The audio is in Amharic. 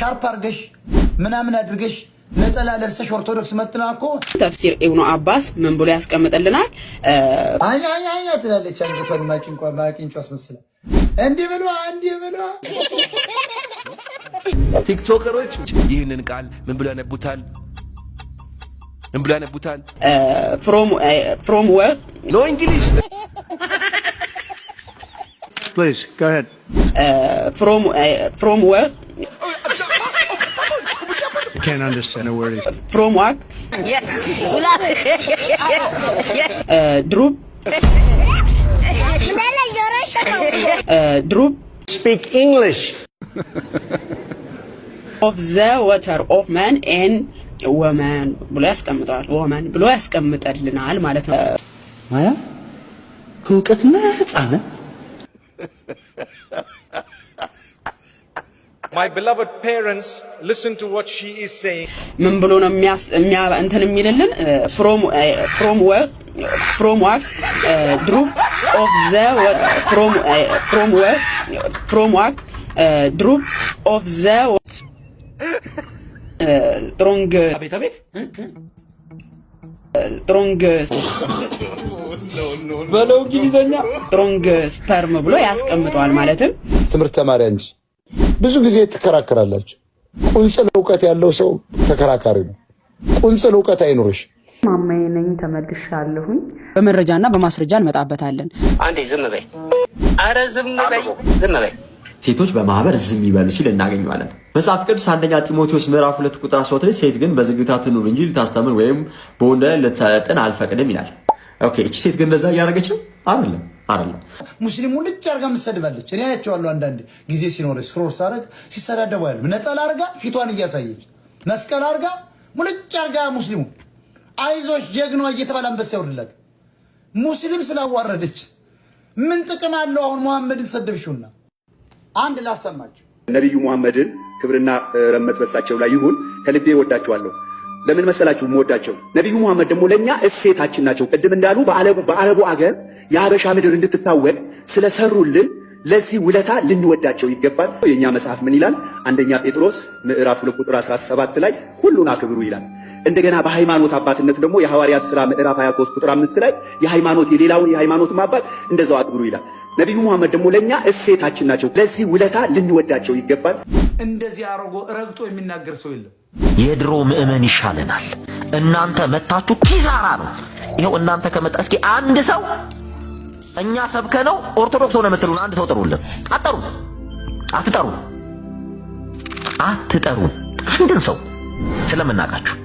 ሻርፕ አድርገሽ ምናምን አድርገሽ ነጠላ ለብሰሽ ኦርቶዶክስ መጥና እኮ ተፍሲር ኢብኑ አባስ ምን ብሎ ያስቀምጥልናል? አይ አይ አይ ትላለች። አንገቷን ማጭንቋ ማጭንቋ እንዲህ ብሎ እንዲህ ብሎ ቲክቶከሮች ይህንን ቃል ምን ብሎ ያነቡታል? ምን ብሎ ያነቡታል? ፍሮም ፍሮም ወር ኖ እንግሊሽ ፕሊዝ ጎ አሄድ ፍሮም ፍሮም ወር can't understand a word. From what? Yeah. uh, droop. uh, droop. Speak English. of the water of man and woman ብሎ ያስቀምጠዋል። woman ብሎ ያስቀምጠልናል ማለት ነው። ማያ ከእውቀት ነፃ ነህ። ምን ብሎ ነው እንትን የሚልልን? ፍሮም ወርክ ድሩፕ ኦፍ ዘ ፍሮም ወርክ ድሩፕ ኦፍ ዘ ትሮንግ ትሮንግ በለው እንግሊዘኛ ትሮንግ ስፐርም ብሎ ያስቀምጠዋል። ማለትም ትምህርት ተማሪያ እንጂ ብዙ ጊዜ ትከራከራላችሁ። ቁንጽል እውቀት ያለው ሰው ተከራካሪ ነው። ቁንጽል እውቀት አይኖርሽ። ማማዬ ነኝ ተመልሻለሁኝ። በመረጃና በማስረጃ እንመጣበታለን። አንዴ ዝም በይ፣ አረ ዝም በይ፣ ዝም በይ። ሴቶች በማህበር ዝም ይበሉ ሲል እናገኘዋለን። መጽሐፍ ቅዱስ አንደኛ ጢሞቴዎስ ምዕራፍ ሁለት ቁጥር አስወት ላይ ሴት ግን በዝግታ ትኑር እንጂ ልታስተምር ወይም በወንድ ላይ ልትሰለጥን አልፈቅድም ይላል። ኦኬ፣ እቺ ሴት ግን እንደዛ እያደረገች ነው አይደለም? አይደለም ሙስሊሙ ልጅ አርጋ ምሰድባለች። እኔ አያቸዋለሁ አንዳንድ ጊዜ ሲኖር ስክሮል ሳረግ ሲሰዳደቡ ያሉ ነጠላ አርጋ ፊቷን እያሳየች መስቀል አርጋ ሙልጭ አርጋ ሙስሊሙ አይዞች ጀግኗ እየተባለ አንበሳ ያወርድላት ሙስሊም ስላዋረደች ምን ጥቅም አለው? አሁን መሐመድን ሰደብሽውና አንድ ላሰማችሁ ነቢዩ መሐመድን ክብርና ረመት በሳቸው ላይ ይሁን። ከልቤ ወዳችኋለሁ ለምን መሰላችሁ የምወዳቸው ነቢዩ ሙሐመድ ደግሞ ለእኛ እሴታችን ናቸው። ቅድም እንዳሉ በአረቡ አገር የአበሻ ምድር እንድትታወቅ ስለሰሩልን ለዚህ ውለታ ልንወዳቸው ይገባል። የእኛ መጽሐፍ ምን ይላል? አንደኛ ጴጥሮስ ምዕራፍ 2 ቁጥር 17 ላይ ሁሉን አክብሩ ይላል። እንደገና በሃይማኖት አባትነት ደግሞ የሐዋርያት ሥራ ምዕራፍ 23 ቁጥር 5 ላይ የሃይማኖት የሌላውን የሃይማኖት አባት እንደዛው አክብሩ ይላል። ነቢዩ መሐመድ ደግሞ ለእኛ እሴታችን ናቸው። ለዚህ ውለታ ልንወዳቸው ይገባል። እንደዚህ አርጎ ረግጦ የሚናገር ሰው የለም። የድሮ ምእመን ይሻለናል። እናንተ መታችሁ ኪሳራ ነው። ይኸው እናንተ ከመጣ እስኪ አንድ ሰው እኛ ሰብከ ነው ኦርቶዶክስ ሆነ የምትሉን አንድ ሰው ጥሩልን። አጠሩ አትጠሩ አትጠሩ አንድን ሰው ስለምናውቃችሁ